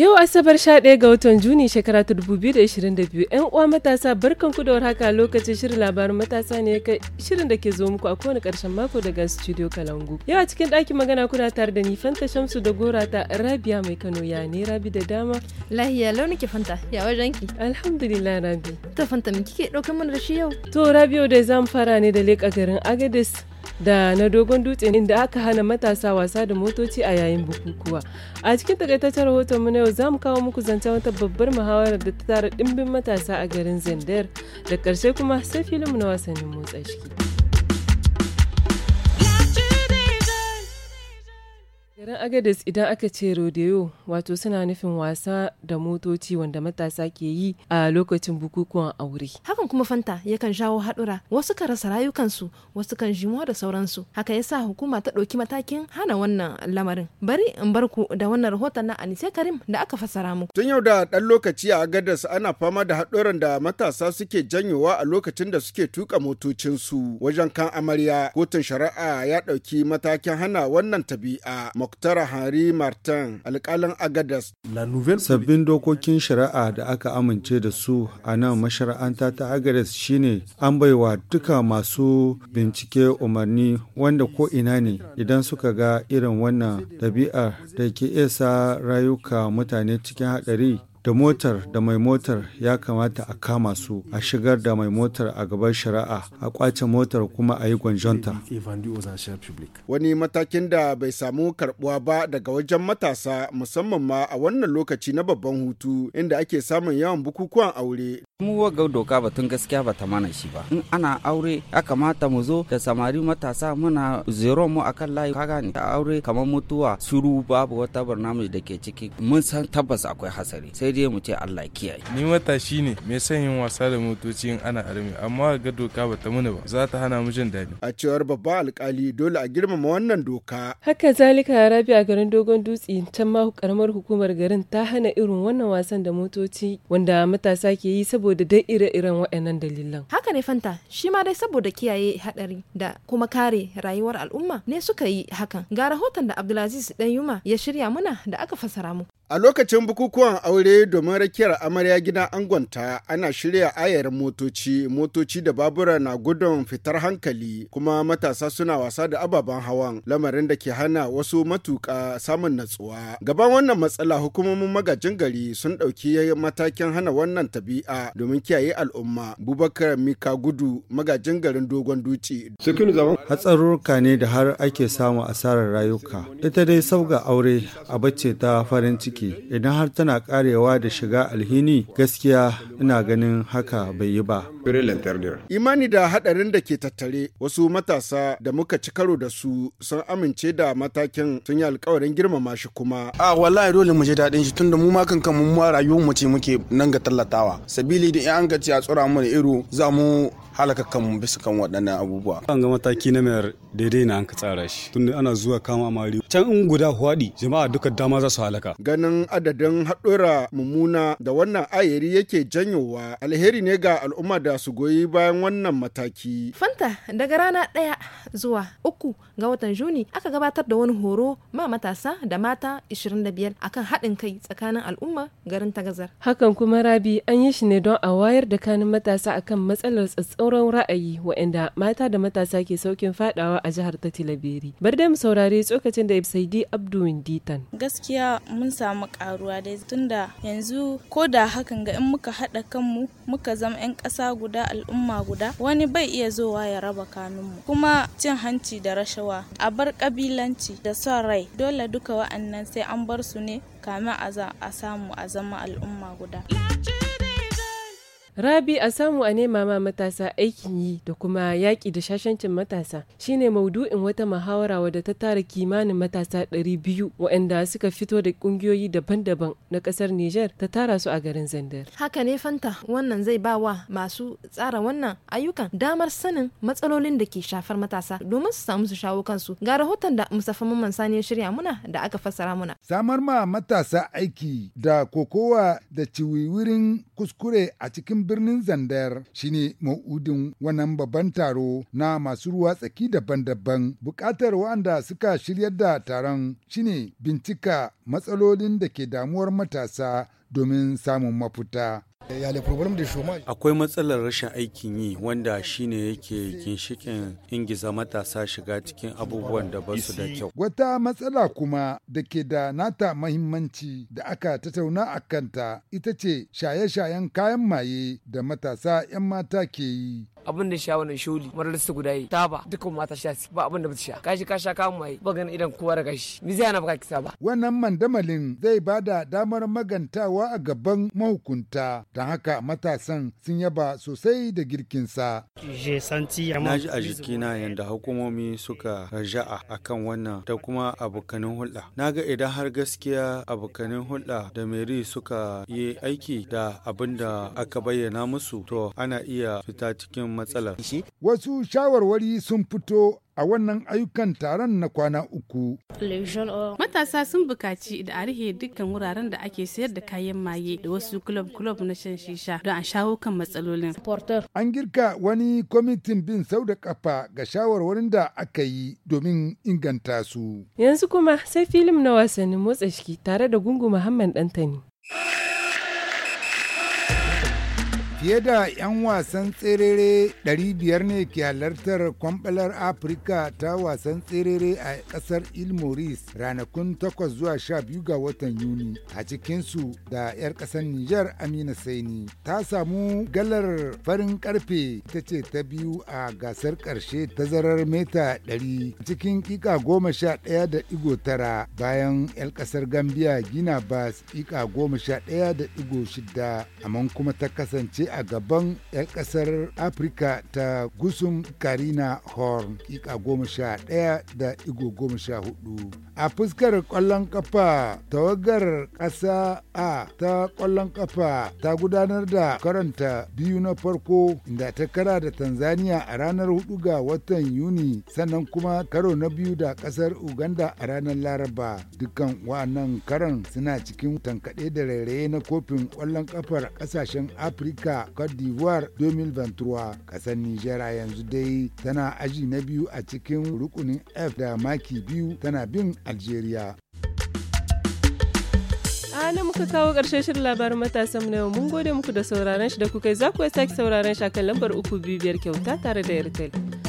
Yau Asabar 11 ga watan Juni shekara ta 2022 'yan uwa matasa barkan ku da warhaka lokacin shirin labarin matasa ne kai shirin da ke zo muku a kowane karshen mako daga studio Kalangu. Yau a cikin ɗakin magana kuna tare da ni Fanta Shamsu da Gora ta Rabia Mai Kano ya ne Rabi da dama. Lahiya lau nake Fanta ya wajen ki. Alhamdulillah Rabi. Ta Fanta me kike ɗaukar mana da shi yau? To Rabiu da zamu fara ne da leƙa garin Agadez da na dogon dutse inda aka hana matasa wasa da motoci a yayin bukukuwa a cikin takaitaccen rahoton mu na yau za mu kawo muku zancen wata babbar muhawarar da ta tara dimbin matasa a garin zandar da karshe kuma sai filin na wasannin motsa ciki. garin Agadis, idan aka ce rodeo wato suna nufin wasa da motoci wanda matasa ke yi a lokacin bukukuwan aure hakan kuma fanta yakan shawo haɗura wasu kan rasa rayukansu wasu kan jimuwa da sauransu haka yasa hukuma ta ɗauki matakin hana wannan lamarin bari in bar ku da wannan rahoton na anise karim da aka fassara muku tun yau da ɗan lokaci a Agadis, ana fama da haɗuran da matasa suke janyowa a lokacin da suke tuka motocinsu wajen kan amarya kotun shari'a ya ɗauki matakin hana wannan tabi'a Muktara Hari Martin alkalin Agadas. Sabbin dokokin shari'a da aka amince da su a nan mashara'anta ta Agadas shine an baiwa duka masu bincike umarni wanda ko ina ne idan suka ga irin wannan dabi'ar da ke isa rayuka mutane cikin haɗari da motar da mai motar ya kamata a kama su a shigar da mai motar a gaban shari'a a kwace motar kuma a yi gwanjonta. Wani matakin da bai samu karbuwa ba daga wajen matasa musamman ma a wannan lokaci na babban hutu inda ake samun yawan bukukuwan aure mu ga doka batun gaskiya ba ta mana shi ba in ana aure ya kamata mu zo da samari matasa muna zero mu akan layi kaga ne ta aure kamar mutuwa suru babu wata barnaamij da ke ciki mun san tabbas akwai hasari sai dai mu ce Allah kiyaye ni matashi ne me son yin wasa da motoci in ana armi amma ga doka ba ta mana ba za ta hana mu jin daɗi a cewar babba alkali dole a girmama wannan doka haka zalika rabi a garin dogon dutse can ma karamar hukumar garin ta hana irin wannan wasan da motoci wanda matasa ke yi saboda saboda dai ire-iren waɗannan dalilan. Haka ne Fanta, shi ma dai saboda kiyaye haɗari da kuma kare rayuwar al'umma ne suka yi hakan. Ga rahoton da Abdulaziz Danyuma ya shirya muna da aka fasara mu. A lokacin bukukuwan aure domin rakiyar amarya gidan angonta ana shirya ayar motoci, motoci da babura na gudun fitar hankali kuma matasa suna wasa da ababen hawan lamarin da ke hana wasu matuka, samun natsuwa. Gaban wannan matsala hukumomin magajin gari sun ɗauki matakin hana wannan tabi'a domin kiyaye al'umma. Bubakar Mika Gudu magajin garin Dogon dutse Hatsarurruka ne da har ake samu asarar rayuka. Ita dai sauga aure abace ta farin ciki idan har tana karewa da shiga alhini gaskiya ina ganin haka bai yi ba. Imani da hadarin da ke tattare wasu matasa da muka ci karo da su sun amince da matakin sun yi alkawarin girmama shi kuma. A wallahi dole mu je daɗin shi tunda mu ma kan mu ma rayuwar mu ce muke nan ga tallatawa. Sabili da an ga a tsora mu da iro za mu halaka kanmu bisa kan waɗannan abubuwa. An ga mataki na mayar daidai na an ka tsara shi tun da ana zuwa kama mari can in guda huwaɗi jama'a duka dama za su halaka. Ganin adadin haɗura mummuna da wannan ayari yake janyowa alheri ne ga al'umma da su goyi bayan wannan mataki. Fanta daga rana ɗaya zuwa uku ga watan Juni aka gabatar da wani horo ma matasa da mata 25 akan haɗin kai tsakanin al'umma garin Tagazar. Hakan kuma Rabi an yi shi ne don a wayar da kanin matasa akan matsalar tsatsauran sauran ra'ayi waɗanda mata da matasa ke saukin fadawa a jihar ta tilabiri Bar dai mu saurari tsokacin da Saidi Abdu Winditan. Gaskiya mun samu karuwa dai tunda yanzu ko da hakan ga in muka haɗa kanmu muka zama 'yan ƙasa guda al'umma guda wani bai iya zowa ya raba kanunmu kuma cin hanci da rashawa a bar ƙabilanci da son rai dole duka wa'annan sai an bar su ne kamin a samu a zama al'umma guda. Rabi a samu a nema ma matasa aikin yi da kuma yaƙi da shashancin matasa shine maudu'in wata muhawara wadda ta tara kimanin matasa 200 waɗanda suka fito da ƙungiyoyi daban-daban na ƙasar Nijar ta tara su a garin Zandar. Haka ne Fanta wannan zai ba wa masu tsara wannan ayyukan damar sanin matsalolin da ke shafar matasa domin su samu su shawo kansu. Ga rahoton da Mustapha Mamman Sani ya shirya muna da aka fassara muna. Samar ma matasa aiki da kokowa da ciwiwirin kuskure a cikin birnin Zandar shine ma'udin wannan babban taro na masu ruwa tsaki daban-daban. Bukatar wanda suka shiryar da taron shine bincika matsalolin da ke damuwar matasa domin samun mafuta. Akwai matsalar rashin aikin yi wanda shine yake ginshikin ingiza matasa shiga cikin abubuwan da ba su da kyau. Wata matsala kuma da ke da nata mahimmanci da aka tattauna a kanta ita ce shaye-shayen kayan maye da matasa 'yan mata ke yi. abin da sha wannan sholi marar su guda yi taba dukkan mata sha ba abin da ba sha kashi ka sha kamun mai ba ganin idan kowa da kashi ni zai na baka kisa ba wannan mandamalin zai bada damar magantawa a gaban mahukunta don haka matasan sun yaba sosai da girkinsa. Na ji a jikina yadda hukumomi suka raja'a a kan wannan da kuma abokanin hulɗa. Na ga idan har gaskiya abokanin hulɗa da meri suka yi aiki da abin da aka bayyana musu to ana iya fita cikin matsalar. Wasu shawarwari sun fito a wannan ayyukan taron na kwana uku. Matasa sun bukaci da a rihe dukkan wuraren da ake sayar da kayan maye da wasu kulob-kulob na shan shisha don a shawo kan matsalolin. An girka wani kwamitin bin sau da kafa ga shawarwarin da aka yi domin inganta su. Yanzu kuma sai filim na wasannin motsa ciki tare da gungu Muhammad Dantani. Fiye da 'yan wasan tserere 500 ne ke halartar kwambalar Afirka ta wasan tserere a kasar Ilmoris ranakun 8 zuwa 12 ga watan Yuni. A cikinsu da 'yar kasar Nijar Amina Saini ta samu galar farin karfe ita ce ta biyu a gasar ƙarshe zarar mita 100 cikin kika goma sha ɗaya da digo tara bayan 'yar kasar Gambia Gina Bas kika goma sha ɗaya da digo shida amma kuma ta kasance a gaban 'yan ƙasar Afirka ta Gusum Karina Horn ika goma sha ɗaya da igo goma sha hudu. A fuskar kwallon ƙafa tawagar ƙasa A ta kwallon ƙafa ta gudanar da karanta biyu na farko inda ta kara da Tanzania a ranar hudu ga watan Yuni sannan kuma karo na biyu da ƙasar Uganda a ranar Laraba. Dukkan wa'annan karan suna cikin tankaɗe da rairaye na kofin kwallon ƙafar ƙasashen Afirka Côte d'Ivoire 2023 kasar Nijera yanzu dai tana aji na biyu a cikin rukunin F da maki biyu tana bin Algeria. ana muka kawo ƙarshen shirin labarin matasan na yau mun gode muku da sauraron shi da kuka yi za ku sake sauraron shi a kan lambar uku biyu biyar kyauta tare da Airtel.